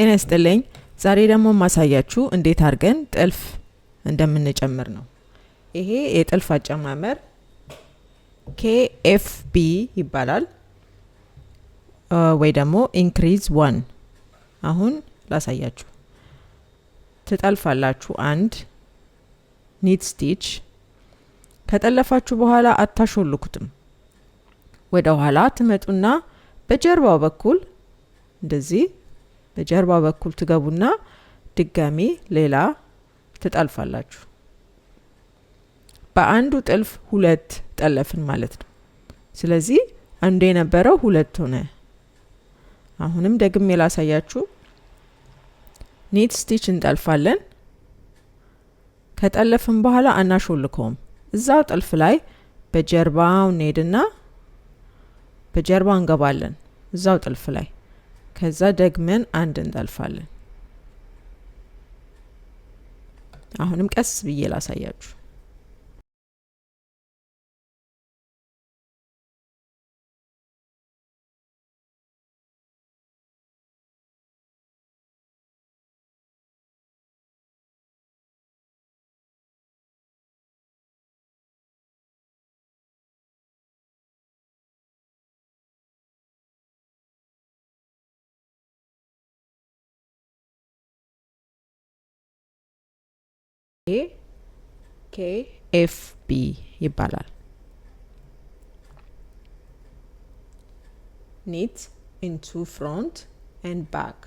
ጤና ይስጥልኝ። ዛሬ ደግሞ ማሳያችሁ እንዴት አድርገን ጥልፍ እንደምንጨምር ነው። ይሄ የጥልፍ አጨማመር ኬኤፍቢ ይባላል ወይ ደግሞ ኢንክሪዝ ዋን። አሁን ላሳያችሁ። ትጠልፋላችሁ አንድ ኒት ስቲች። ከጠለፋችሁ በኋላ አታሾልኩትም። ወደ ኋላ ትመጡና በጀርባው በኩል እንደዚህ በጀርባ በኩል ትገቡና ድጋሚ ሌላ ትጠልፋላችሁ። በአንዱ ጥልፍ ሁለት ጠለፍን ማለት ነው። ስለዚህ አንዱ የነበረው ሁለት ሆነ። አሁንም ደግሜ ላሳያችሁ። ኒት ስቲች እንጠልፋለን። ከጠለፍን በኋላ አናሾልከውም። እዛው ጥልፍ ላይ በጀርባው እንሄድና በጀርባ እንገባለን። እዛው ጥልፍ ላይ ከዛ ደግመን አንድ እንዳልፋለን። አሁንም ቀስ ብዬ ላሳያችሁ። ኤኤፍቢ ይባላል። ኒት ኢንቱ ፍሮንት ኤንድ ባክ